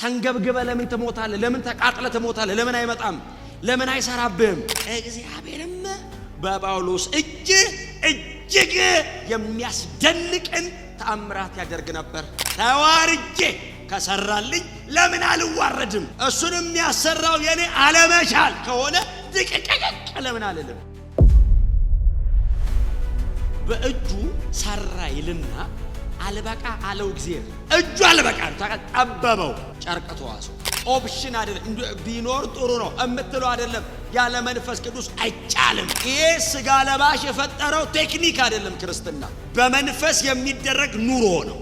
ተንገብግበ ለምን ትሞታለ? ለምን ተቃጥለ ትሞታለ? ለምን አይመጣም? ለምን አይሰራብህም? እግዚአብሔርም በጳውሎስ እጅ እጅግ የሚያስደንቅን ተአምራት ያደርግ ነበር። ተዋርጄ ከሰራልኝ ለምን አልዋረድም? እሱን የሚያሰራው የኔ አለመቻል ከሆነ ድቅቅቅቅ ለምን አልልም? በእጁ ሰራ ይልና አልበቃ አለው። እግዜር እጁ አልበቃ ጠበበው። ጨርቅ ተዋሱ። ኦፕሽን አይደለም ቢኖር ጥሩ ነው እምትለው አይደለም። ያለ መንፈስ ቅዱስ አይቻልም። ይሄ ስጋ ለባሽ የፈጠረው ቴክኒክ አይደለም። ክርስትና በመንፈስ የሚደረግ ኑሮ ነው።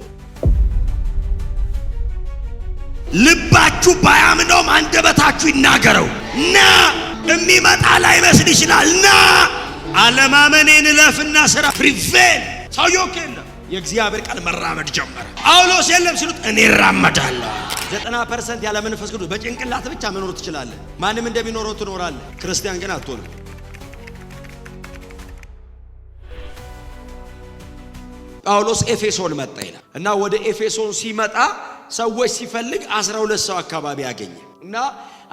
ልባችሁ ባያምነውም አንደበታችሁ ይናገረው እና የሚመጣ ላይመስል ይችላል እና አለማመኔን እለፍና ስራ ፕሪቬል ሰውየው የለም የእግዚአብሔር ቃል መራመድ ጀመረ። ጳውሎስ የለም ሲሉት እኔ እራመዳለሁ ዘጠና ፐርሰንት ያለ መንፈስ ቅዱስ በጭንቅላት ብቻ መኖር ትችላለህ። ማንም እንደሚኖረው ትኖራለህ። ክርስቲያን ግን አትሆንም። ጳውሎስ ኤፌሶን መጣ ይላል እና ወደ ኤፌሶን ሲመጣ ሰዎች ሲፈልግ አስራ ሁለት ሰው አካባቢ ያገኘ እና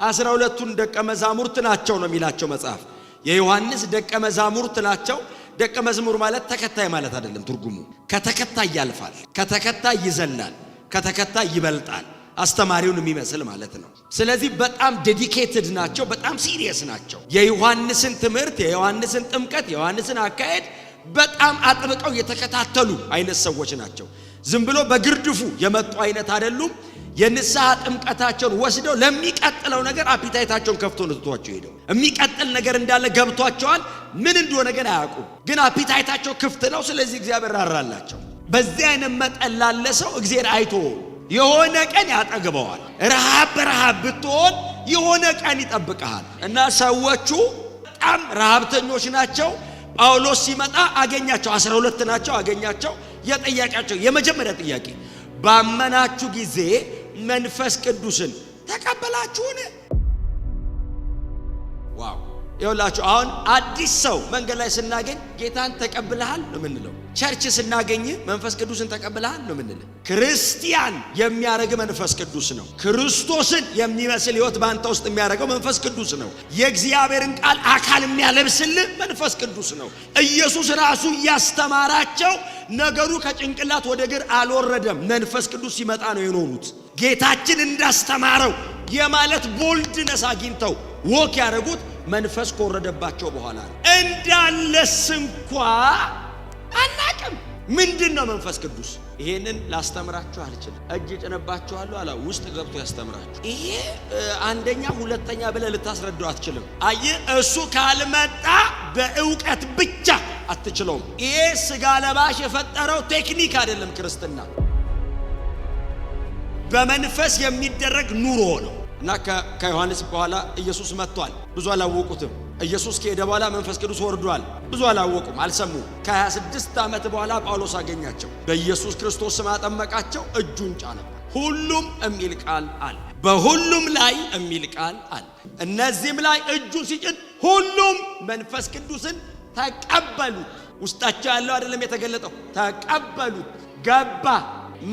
አስራ ሁለቱን ደቀ መዛሙርት ናቸው ነው የሚላቸው መጽሐፍ። የዮሐንስ ደቀ መዛሙርት ናቸው። ደቀ መዝሙር ማለት ተከታይ ማለት አይደለም። ትርጉሙ ከተከታይ ያልፋል፣ ከተከታይ ይዘላል፣ ከተከታይ ይበልጣል። አስተማሪውን የሚመስል ማለት ነው። ስለዚህ በጣም ዴዲኬትድ ናቸው፣ በጣም ሲሪየስ ናቸው። የዮሐንስን ትምህርት፣ የዮሐንስን ጥምቀት፣ የዮሐንስን አካሄድ በጣም አጥብቀው የተከታተሉ አይነት ሰዎች ናቸው። ዝም ብሎ በግርድፉ የመጡ አይነት አይደሉም። የንስሐ ጥምቀታቸውን ወስደው ለሚቀጥለው ነገር አፒታይታቸውን ከፍቶ ነው ሄደው የሚቀጥል ነገር እንዳለ ገብቷቸዋል። ምን እንደሆነ ግን አያውቁም። ግን አፒታይታቸው ክፍት ነው። ስለዚህ እግዚአብሔር ራራላቸው። በዚህ አይነት መጠን ላለ ሰው እግዚአብሔር አይቶ የሆነ ቀን ያጠግበዋል። ረሃብ በረሃብ ብትሆን የሆነ ቀን ይጠብቀሃል። እና ሰዎቹ በጣም ረሃብተኞች ናቸው። ጳውሎስ ሲመጣ አገኛቸው። አስራ ሁለት ናቸው። አገኛቸው። የጠያቂያቸው የመጀመሪያ ጥያቄ ባመናችሁ ጊዜ መንፈስ ቅዱስን ተቀበላችሁን? ዋው! ይኸውላችሁ አሁን አዲስ ሰው መንገድ ላይ ስናገኝ ጌታን ተቀብለሃል ነው የምንለው። ቸርች ስናገኝ መንፈስ ቅዱስን ተቀብለሃል ነው ምንል። ክርስቲያን የሚያደርግ መንፈስ ቅዱስ ነው። ክርስቶስን የሚመስል ህይወት በአንተ ውስጥ የሚያደርገው መንፈስ ቅዱስ ነው። የእግዚአብሔርን ቃል አካል የሚያለብስል መንፈስ ቅዱስ ነው። ኢየሱስ ራሱ እያስተማራቸው ነገሩ ከጭንቅላት ወደ እግር አልወረደም። መንፈስ ቅዱስ ሲመጣ ነው የኖሩት። ጌታችን እንዳስተማረው የማለት ቦልድነስ አግኝተው ወክ ያደረጉት መንፈስ ከወረደባቸው በኋላ ነው። እንዳለስ እንኳ አናቅም። ምንድን ነው መንፈስ ቅዱስ? ይሄንን ላስተምራችሁ አልችልም። እጅ ጭነባችኋለሁ አላ ውስጥ ገብቶ ያስተምራችሁ። ይሄ አንደኛ ሁለተኛ ብለህ ልታስረዳው አትችልም። አየህ፣ እሱ ካልመጣ በእውቀት ብቻ አትችለውም። ይሄ ስጋ ለባሽ የፈጠረው ቴክኒክ አይደለም። ክርስትና በመንፈስ የሚደረግ ኑሮ ነው እና ከዮሐንስ በኋላ ኢየሱስ መጥቷል። ብዙ አላወቁትም። ኢየሱስ ከሄደ በኋላ መንፈስ ቅዱስ ወርዷል። ብዙ አላወቁም አልሰሙ አልሰሙም። ከ26 ዓመት በኋላ ጳውሎስ አገኛቸው። በኢየሱስ ክርስቶስ ስም አጠመቃቸው፣ እጁን ጫነባ። ሁሉም የሚል ቃል አለ፣ በሁሉም ላይ የሚል ቃል አለ። እነዚህም ላይ እጁን ሲጭን ሁሉም መንፈስ ቅዱስን ተቀበሉት። ውስጣቸው ያለው አይደለም የተገለጠው፣ ተቀበሉት። ገባ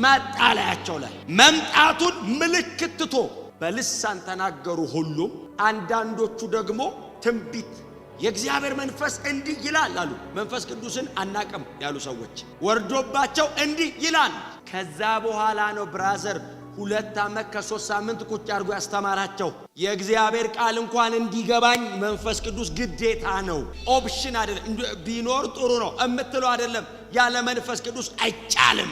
መጣላያቸው ላይ መምጣቱን ምልክት ትቶ በልሳን ተናገሩ ሁሉም አንዳንዶቹ ደግሞ ትንቢት የእግዚአብሔር መንፈስ እንዲህ ይላል አሉ። መንፈስ ቅዱስን አናቅም ያሉ ሰዎች ወርዶባቸው እንዲህ ይላል። ከዛ በኋላ ነው ብራዘር ሁለት ዓመት ከሶስት ሳምንት ቁጭ አድርጎ ያስተማራቸው። የእግዚአብሔር ቃል እንኳን እንዲገባኝ መንፈስ ቅዱስ ግዴታ ነው፣ ኦፕሽን አይደለም። ቢኖር ጥሩ ነው እምትለው አይደለም። ያለ መንፈስ ቅዱስ አይቻልም።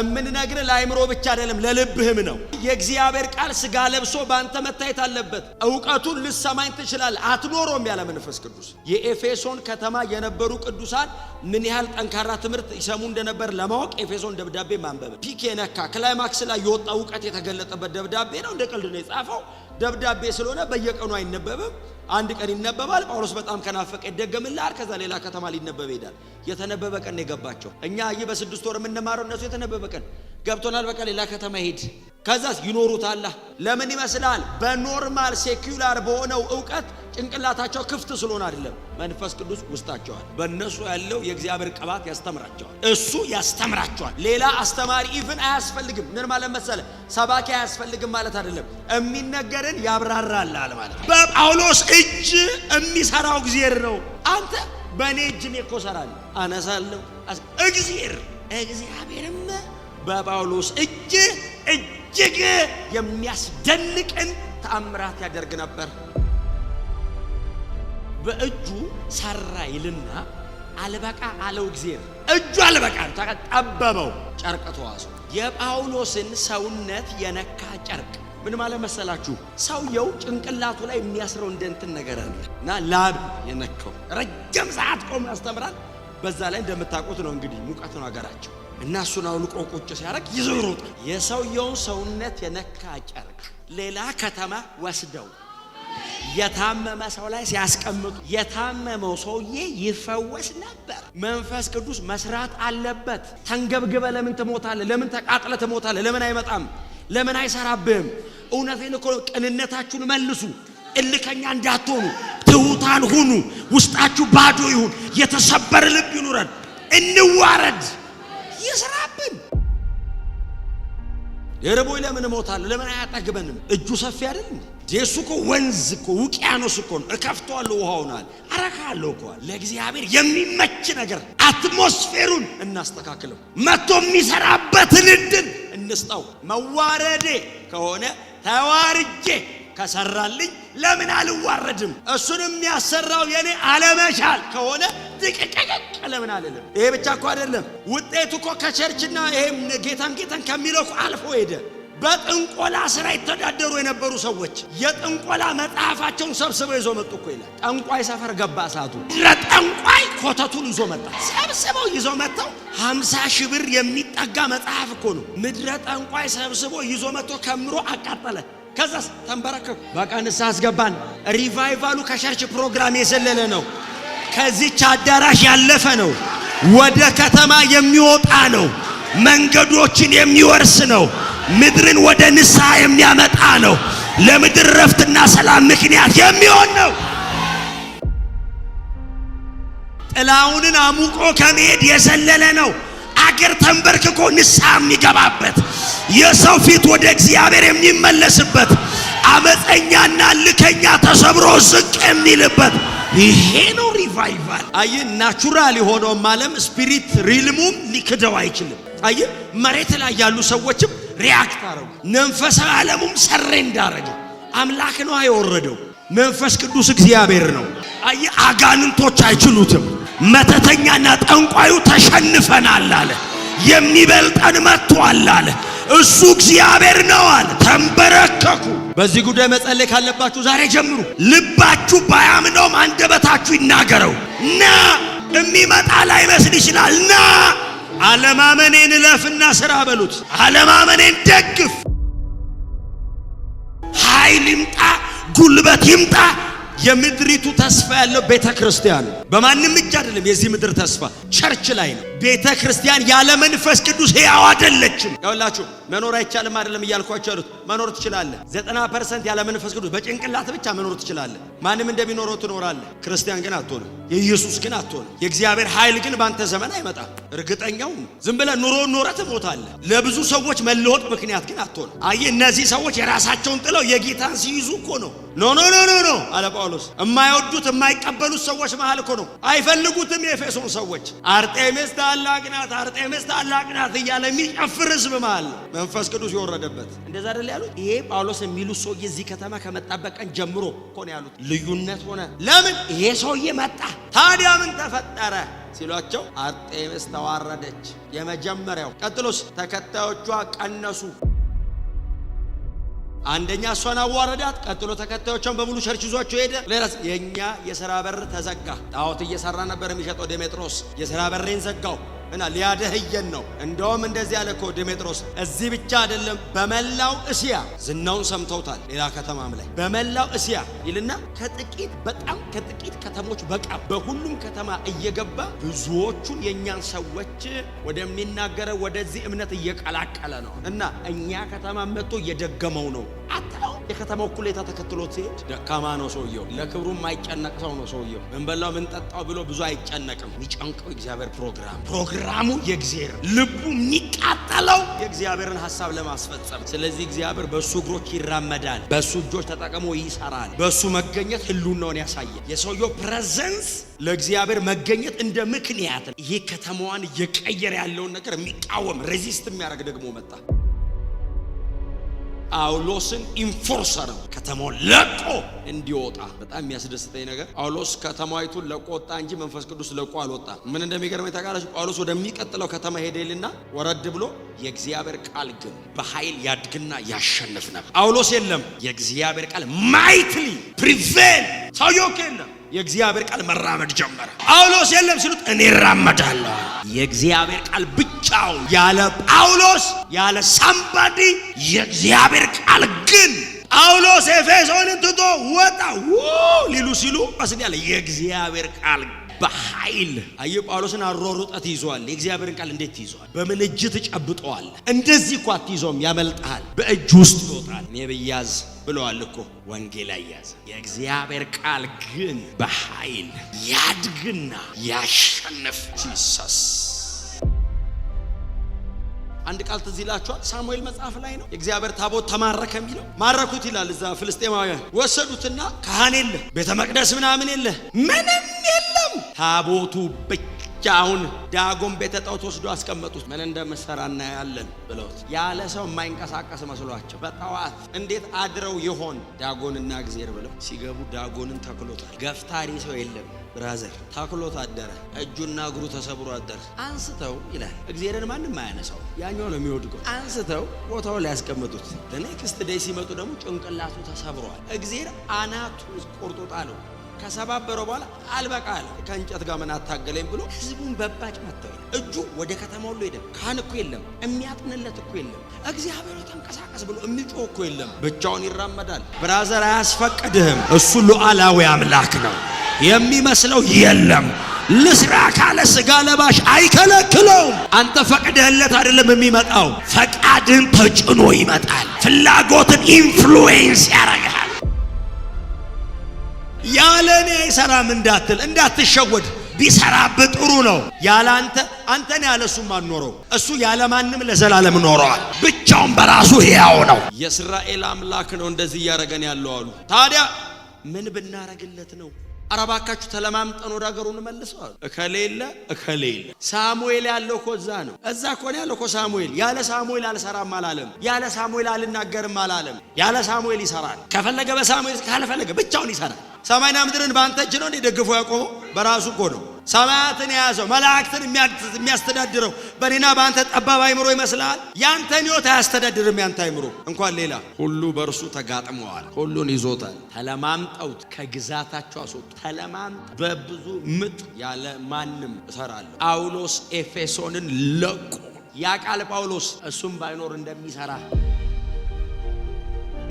እምንነግር ለአይምሮ ብቻ አይደለም ለልብህም ነው። የእግዚአብሔር ቃል ስጋ ለብሶ በአንተ መታየት አለበት። እውቀቱን ልሰማኝ ትችላል አትኖሮም ያለ መንፈስ ቅዱስ። የኤፌሶን ከተማ የነበሩ ቅዱሳን ምን ያህል ጠንካራ ትምህርት ይሰሙ እንደነበር ለማወቅ ኤፌሶን ደብዳቤ ማንበብ ፒክ የነካ ክላይማክስ ላይ የወጣ እውቀት የተገለጠበት ደብዳቤ ነው። እንደ ቀልድ ነው የጻፈው ደብዳቤ ስለሆነ በየቀኑ አይነበብም። አንድ ቀን ይነበባል። ጳውሎስ በጣም ከናፈቀ ይደገምላል። ከዛ ሌላ ከተማ ሊነበብ ይሄዳል። የተነበበ ቀን የገባቸው እኛ ይህ በስድስት ወር የምንማረው እነሱ የተነበበ ቀን ገብቶናል። በቃ ሌላ ከተማ ሄድ። ከዛስ ይኖሩታላ። ለምን ይመስላል? በኖርማል ሴኩላር በሆነው እውቀት ጭንቅላታቸው ክፍት ስለሆነ አይደለም። መንፈስ ቅዱስ ውስጣቸዋል። በእነሱ ያለው የእግዚአብሔር ቅባት ያስተምራቸዋል። እሱ ያስተምራቸዋል። ሌላ አስተማሪ ኢቭን አያስፈልግም። ምን ማለት መሰለ? ሰባኪ አያስፈልግም ማለት አይደለም። የሚነገርን ያብራራላል ማለት ነው። በጳውሎስ እጅ የሚሰራው እግዚአብሔር ነው። አንተ በእኔ እጅ እኔ እኮ እሰራለሁ፣ አነሳለሁ። እግዚአብሔር እግዚአብሔርም በጳውሎስ እጅ እጅግ የሚያስደንቅን ተአምራት ያደርግ ነበር። በእጁ ሰራ ይልና አልበቃ አለው። እግዜር እጁ አልበቃ ጠበበው። ጨርቅ ተዋሱ የጳውሎስን ሰውነት የነካ ጨርቅ ምን ማለት መሰላችሁ? ሰውየው ጭንቅላቱ ላይ የሚያስረው እንደንትን ነገር አለ እና ላብ የነካው ረጅም ሰዓት ቆሞ ያስተምራል። በዛ ላይ እንደምታውቁት ነው እንግዲህ ሙቀት ነው አገራቸው። እና እሱን አውልቆ ቁጭ ሲያደርግ ይዘው ይሮጣል። የሰውየውን ሰውነት የነካ ጨርቅ ሌላ ከተማ ወስደው የታመመ ሰው ላይ ሲያስቀምጡ የታመመው ሰውዬ ይፈወስ ነበር። መንፈስ ቅዱስ መስራት አለበት። ተንገብግበ ለምን ትሞታለ ለምን ተቃጥለ ትሞታለህ? ለምን አይመጣም? ለምን አይሰራብህም? እውነቴን እኮ ቅንነታችሁን መልሱ። እልከኛ እንዳትሆኑ፣ ትሑታን ሁኑ። ውስጣችሁ ባዶ ይሁን። የተሰበረ ልብ ይኑረን። እንዋረድ ይስራብን። የረቦይ ለምን እሞታለሁ? ለምን አያጠግበንም? እጁ ሰፊ አይደል እንዴ? የሱ እኮ ወንዝ እኮ ውቅያኖስ እኮ ነው። እከፍተዋለሁ፣ ውሃውናል፣ አረካለሁ እኮ ለእግዚአብሔር የሚመች ነገር አትሞስፌሩን እናስተካክለው፣ መቶ የሚሰራበትን እድል እንስጠው። መዋረዴ ከሆነ ተዋርጄ ከሰራልኝ ለምን አልዋረድም? እሱን የሚያሰራው የኔ አለመቻል ከሆነ ድቅቅቅቅ ለምን አልልም? ይሄ ብቻ እኮ አይደለም። ውጤቱ እኮ ከቸርችና ይሄም ጌታን ጌታን ከሚለው አልፎ ሄደ። በጥንቆላ ስራ ይተዳደሩ የነበሩ ሰዎች የጥንቆላ መጽሐፋቸውን ሰብስበው ይዞ መጡ እኮ ይላል። ጠንቋይ ሰፈር ገባ እሳቱ ጠንቋይ ኮተቱን ይዞ መጣ። ሰብስበው ይዞ መጥተው ሀምሳ ሺህ ብር የሚጠጋ መጽሐፍ እኮ ነው። ምድረ ጠንቋይ ሰብስቦ ይዞ መጥቶ ከምሮ አቃጠለ። ከዛ ተንበረከኩ። በቃ ንስሐ አስገባን። ሪቫይቫሉ ከቸርች ፕሮግራም የዘለለ ነው። ከዚች አዳራሽ ያለፈ ነው። ወደ ከተማ የሚወጣ ነው። መንገዶችን የሚወርስ ነው። ምድርን ወደ ንስሐ የሚያመጣ ነው። ለምድር ረፍትና ሰላም ምክንያት የሚሆን ነው። ጥላውንን አሙቆ ከመሄድ የዘለለ ነው። አገር ተንበርክኮ ንስሐ የሚገባበት የሰው ፊት ወደ እግዚአብሔር የሚመለስበት አመፀኛና ልከኛ ተሰብሮ ዝቅ የሚልበት ይሄ ነው ሪቫይቫል። አይ ናቹራል የሆነውም ዓለም ስፒሪት ሪልሙም ሊክደው አይችልም። አይ መሬት ላይ ያሉ ሰዎችም ሪያክት አረጉ። መንፈሳዊ ዓለሙም ሰሬ እንዳረገ አምላክ ነው የወረደው። መንፈስ ቅዱስ እግዚአብሔር ነው። አይ አጋንንቶች አይችሉትም። መተተኛና ጠንቋዩ ተሸንፈናል አለ። የሚበልጠን መጥቷል አለ። እሱ እግዚአብሔር ነው አለ። ተንበረከኩ። በዚህ ጉዳይ መጸለይ ካለባችሁ ዛሬ ጀምሩ። ልባችሁ ባያምነውም አንደበታችሁ ይናገረው እና የሚመጣ ላይመስል ይችላል ና አለማመኔን እለፍና ስራ በሉት። አለማመኔን ደግፍ። ኃይል ይምጣ፣ ጉልበት ይምጣ የምድሪቱ ተስፋ ያለው ቤተ ክርስቲያን በማንም እጅ አይደለም። የዚህ ምድር ተስፋ ቸርች ላይ ነው። ቤተ ክርስቲያን ያለ መንፈስ ቅዱስ ሕያው አይደለችም። ያውላችሁ መኖር አይቻልም አይደለም እያልኳቸው ያሉት መኖር ትችላለህ። ዘጠና ፐርሰንት ያለ መንፈስ ቅዱስ በጭንቅላት ብቻ መኖር ትችላለህ። ማንም እንደሚኖረው ትኖራለህ። ክርስቲያን ግን አትሆንም። የኢየሱስ ግን አትሆንም። የእግዚአብሔር ኃይል ግን ባንተ ዘመን አይመጣም። እርግጠኛው ዝም ብለህ ኑሮ ኖረ ትሞታለህ። ለብዙ ሰዎች መለወጥ ምክንያት ግን አትሆንም። አየህ እነዚህ ሰዎች የራሳቸውን ጥለው የጌታን ሲይዙ እኮ ነው። ኖ ኖ ኖ ኖ ኖ አለ ጳውሎስ። የማይወዱት የማይቀበሉት ሰዎች መሃል እኮ ነው። አይፈልጉትም። የኤፌሶን ሰዎች አርጤሜስ ታላቅ ናት፣ አርጤምስ ታላቅ ናት እያለ የሚጨፍር ህዝብ መሃል መንፈስ ቅዱስ የወረደበት እንደዛ አይደል ያሉት። ይሄ ጳውሎስ የሚሉት ሰውዬ እዚህ ከተማ ከመጣበት ቀን ጀምሮ እኮ ነው ያሉት። ልዩነት ሆነ። ለምን ይሄ ሰውዬ መጣ? ታዲያ ምን ተፈጠረ ሲሏቸው አርጤምስ ተዋረደች። የመጀመሪያው ቀጥሎስ፣ ተከታዮቿ ቀነሱ። አንደኛ እሷን አዋረዳት። ቀጥሎ ተከታዮቿን በሙሉ ሸርች ይዟቸው ሄደ። ሌላ የእኛ የሥራ በር ተዘጋ። ጣዖት እየሰራ ነበር የሚሸጠው ዴሜጥሮስ። የሥራ በሬን ዘጋው። እና ሊያደህየን ነው። እንደውም እንደዚህ ያለ እኮ ዲሜጥሮስ እዚህ ብቻ አይደለም፣ በመላው እስያ ዝናውን ሰምተውታል። ሌላ ከተማም ላይ በመላው እስያ ይልና ከጥቂት በጣም ከጥቂት ከተሞች በቃ በሁሉም ከተማ እየገባ ብዙዎቹን የእኛን ሰዎች ወደሚናገረው ወደዚህ እምነት እየቀላቀለ ነው እና እኛ ከተማ መጥቶ እየደገመው ነው። አትለው። የከተማው እኩሌታ ተከትሎት ሲሄድ ደካማ ነው ሰውየው፣ ለክብሩ የማይጨነቅ ሰው ነው ሰውየው። ምንበላው ምንጠጣው ብሎ ብዙ አይጨነቅም። የሚጨንቀው የእግዚአብሔር ፕሮግራም፣ ፕሮግራሙ የእግዜር ልቡ የሚቃጠለው የእግዚአብሔርን ሀሳብ ለማስፈጸም። ስለዚህ እግዚአብሔር በእሱ እግሮች ይራመዳል፣ በእሱ እጆች ተጠቅሞ ይሰራል። በእሱ መገኘት ህልውናውን ያሳያል። የሰውየው ፕሬዘንስ ለእግዚአብሔር መገኘት እንደ ምክንያት ይሄ ከተማዋን እየቀየረ ያለውን ነገር የሚቃወም ሬዚስት የሚያደርግ ደግሞ መጣ። ጳውሎስን ኢንፎርስ አደረጉ። ከተማው ለቆ እንዲወጣ በጣም የሚያስደስተኝ ነገር ጳውሎስ ከተማይቱን ለቆ ወጣ እንጂ መንፈስ ቅዱስ ለቆ አልወጣ። ምን እንደሚገርመኝ ታውቃላችሁ? ጳውሎስ ወደሚቀጥለው ከተማ ሄደልና ወረድ ብሎ የእግዚአብሔር ቃል ግን በኃይል ያድግና ያሸንፍ ነበር። ጳውሎስ የለም፣ የእግዚአብሔር ቃል ማይትሊ ፕሪቬል ሰውየው የለም የእግዚአብሔር ቃል መራመድ ጀመረ። ጳውሎስ የለም ሲሉት እኔ እራመዳለሁ። የእግዚአብሔር ቃል ብቻው ያለ ጳውሎስ ያለ ሳምባዲ፣ የእግዚአብሔር ቃል ግን ጳውሎስ ኤፌሶንን ትቶ ወጣ ሊሉ ሲሉ መስል ያለ የእግዚአብሔር ቃል በኃይል አየ ጳውሎስን አሯሩጠት ይዟል። የእግዚአብሔርን ቃል እንዴት ይዟል? በምን እጅ ትጨብጠዋል? እንደዚህ እኮ አትይዞም፣ ያመልጣል። በእጅ ውስጥ ይወጣል። እኔ ብያዝ ብለዋል እኮ ወንጌል አያዘ። የእግዚአብሔር ቃል ግን በኃይል ያድግና ያሸንፍ ጂሰስ አንድ ቃል ትዝ ይላችኋል። ሳሙኤል መጽሐፍ ላይ ነው የእግዚአብሔር ታቦት ተማረከ የሚለው። ማረኩት ይላል እዛ ፍልስጤማውያን ወሰዱትና ካህን የለ ቤተ መቅደስ ምናምን የለ ምንም የለም። ታቦቱ ብቻውን ዳጎን ቤተ ጣዖት ወስዶ አስቀመጡት። ምን እንደምሰራ እናያለን ብለውት ያለ ሰው የማይንቀሳቀስ መስሏቸው በጠዋት እንዴት አድረው ይሆን ዳጎንና እግዜር ብለው ሲገቡ ዳጎንን ተክሎታል። ገፍታሪ ሰው የለም ብራዘር ታክሎት አደረ። እጁና እግሩ ተሰብሮ አደረ። አንስተው ይላል እግዜርን ማንም አያነሳው፣ ያኛው ነው የሚወድቀው። አንስተው ቦታው ላይ ያስቀምጡት። ደይ ሲመጡ ደግሞ ጭንቅላቱ ተሰብሯል። እግዜር አናቱ ቆርጦ ጣለው። ከሰባበረው በኋላ አልበቃ አለ። ከእንጨት ጋር ምን አታገለኝ ብሎ ህዝቡን በባጭ መጥተው እጁ ወደ ከተማ ሁሉ ሄደ። ካህን እኮ የለም፣ የሚያጥንለት እኮ የለም። እግዚአብሔር ተንቀሳቀስ ብሎ የሚጮህ እኮ የለም። ብቻውን ይራመዳል። ብራዘር አያስፈቅድህም። እሱ ሉዓላዊ አምላክ ነው። የሚመስለው የለም። ልስራ ካለ ስጋ ለባሽ አይከለክለውም። አንተ ፈቅደህለት አይደለም የሚመጣው፣ ፈቃድን ተጭኖ ይመጣል። ፍላጎትን ኢንፍሉዌንስ ያረጋል። ያለ እኔ አይሰራም እንዳትል እንዳትሸወድ። ቢሰራብ ጥሩ ነው። ያለ አንተ አንተን ያለ ማን አልኖረው። እሱ ያለ ማንም ለዘላለም ኖረዋል። ብቻውን በራሱ ሕያው ነው። የእስራኤል አምላክ ነው እንደዚህ እያደረገን ያለው አሉ። ታዲያ ምን ብናረግለት ነው? አረባካችሁ ተለማምጠን ወደ ሀገሩ እንመልሰው እከሌለ እከሌለ ሳሙኤል ያለው እኮ እዛ ነው። እዛ እኮ ነው ያለው እኮ ሳሙኤል። ያለ ሳሙኤል አልሰራም አላለም። ያለ ሳሙኤል አልናገርም አላለም። ያለ ሳሙኤል ይሰራል። ከፈለገ በሳሙኤል ካልፈለገ ብቻውን ይሰራል። ሰማይና ምድርን በአንተ እጅ ነው እንዴ ያቆመው? በራሱ እኮ ነው። ሰማያትን የያዘው መላእክትን የሚያስተዳድረው በእኔና በአንተ ጠባብ አይምሮ ይመስላል። ያንተን ሕይወት አያስተዳድርም። ያንተ አይምሮ እንኳን ሌላ ሁሉ በእርሱ ተጋጥመዋል። ሁሉን ይዞታል። ተለማምጠውት ከግዛታቸው አስወጡ። ተለማምጠ በብዙ ምጥ ያለ ማንም እሰራለሁ። ጳውሎስ ኤፌሶንን ለቁ ያ ቃል ጳውሎስ እሱም ባይኖር እንደሚሰራ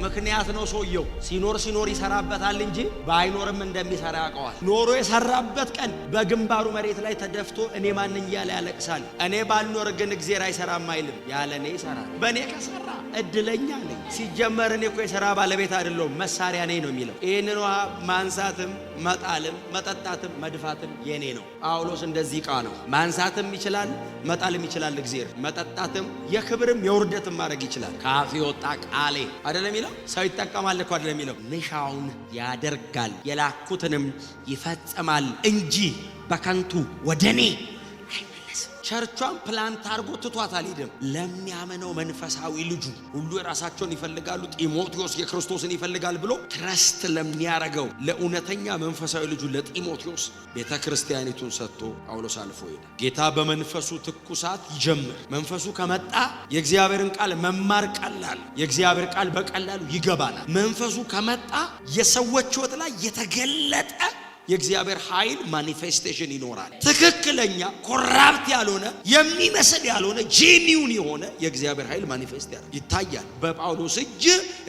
ምክንያት ነው። ሰውየው ሲኖር ሲኖር ይሰራበታል እንጂ ባይኖርም እንደሚሰራ ያውቀዋል። ኖሮ የሰራበት ቀን በግንባሩ መሬት ላይ ተደፍቶ እኔ ማንኛ ላይ ያለቅሳል። እኔ ባልኖር ግን እግዜር አይሰራም አይልም። ያለ እኔ ይሰራል። በእኔ ከሰራ እድለኛ ነኝ። ሲጀመር እኔ እኮ የሥራ ባለቤት አይደለሁም፣ መሳሪያ ነኝ ነው የሚለው። ይህንን ውሃ ማንሳትም መጣልም መጠጣትም መድፋትም የኔ ነው። ጳውሎስ እንደዚህ ቃ ነው። ማንሳትም ይችላል፣ መጣልም ይችላል። እግዜር መጠጣትም የክብርም የውርደትም ማድረግ ይችላል። ካፊ ወጣ ቃሌ አደለ የሚለው ሰው ይጠቀማል እኮ አደለ የሚለው ንሻውን ያደርጋል የላኩትንም ይፈጽማል እንጂ በከንቱ ወደ እኔ ቸርቿን ፕላንት አድርጎ ትቷት አልሄድም። ለሚያምነው መንፈሳዊ ልጁ ሁሉ የራሳቸውን ይፈልጋሉ፣ ጢሞቴዎስ የክርስቶስን ይፈልጋል ብሎ ትረስት ለሚያረገው ለእውነተኛ መንፈሳዊ ልጁ ለጢሞቴዎስ ቤተ ክርስቲያኒቱን ሰጥቶ ጳውሎስ አልፎ ሄደ። ጌታ በመንፈሱ ትኩሳት ይጀምር። መንፈሱ ከመጣ የእግዚአብሔርን ቃል መማር ቀላል፣ የእግዚአብሔር ቃል በቀላሉ ይገባናል። መንፈሱ ከመጣ የሰዎች ሕይወት ላይ የተገለጠ የእግዚአብሔር ኃይል ማኒፌስቴሽን ይኖራል። ትክክለኛ ኮራፕት ያልሆነ የሚመስል ያልሆነ ጄኒውን የሆነ የእግዚአብሔር ኃይል ማኒፌስት ይታያል። በጳውሎስ እጅ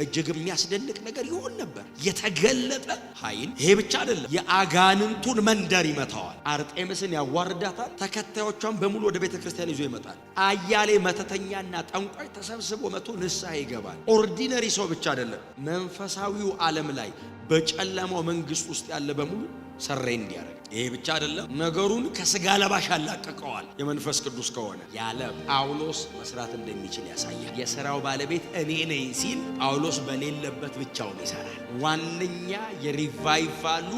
እጅግ የሚያስደንቅ ነገር ይሆን ነበር፣ የተገለጠ ኃይል። ይሄ ብቻ አይደለም፣ የአጋንንቱን መንደር ይመታዋል። አርጤምስን ያዋርዳታል። ተከታዮቿን በሙሉ ወደ ቤተ ክርስቲያን ይዞ ይመጣል። አያሌ መተተኛና ጠንቋይ ተሰብስቦ መቶ ንስሐ ይገባል። ኦርዲነሪ ሰው ብቻ አይደለም፣ መንፈሳዊው ዓለም ላይ በጨለማው መንግስት ውስጥ ያለ በሙሉ ሰሬ እንዲያደርግ ይሄ ብቻ አይደለም፣ ነገሩን ከስጋ ለባሽ አላቀቀዋል። የመንፈስ ቅዱስ ከሆነ ያለ ጳውሎስ መስራት እንደሚችል ያሳያል። የስራው ባለቤት እኔ ነኝ ሲል ጳውሎስ በሌለበት ብቻውን ይሰራል። ዋነኛ የሪቫይቫሉ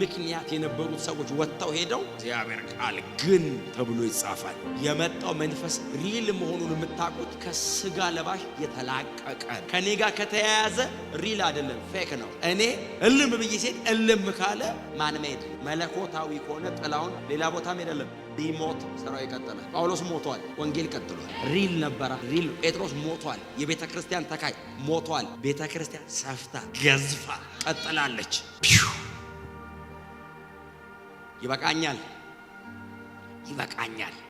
ምክንያት የነበሩት ሰዎች ወጥተው ሄደው እግዚአብሔር ቃል ግን ተብሎ ይጻፋል። የመጣው መንፈስ ሪል መሆኑን የምታውቁት ከስጋ ለባሽ የተላቀቀ ከእኔ ጋር ከተያያዘ ሪል አይደለም፣ ፌክ ነው። እኔ እልም ብዬ ሴት እልም ካለ ማን መለኮታዊ ከሆነ ጥላውን ሌላ ቦታም አይደለም። ቢሞት ስራው ይቀጥላል። ጳውሎስ ሞቷል፣ ወንጌል ቀጥሏል። ሪል ነበረ። ሪል ጴጥሮስ ሞቷል። የቤተ ክርስቲያን ተካይ ሞቷል። ቤተ ክርስቲያን ሰፍታ ገዝፋ ቀጥላለች። ይበቃኛል፣ ይበቃኛል።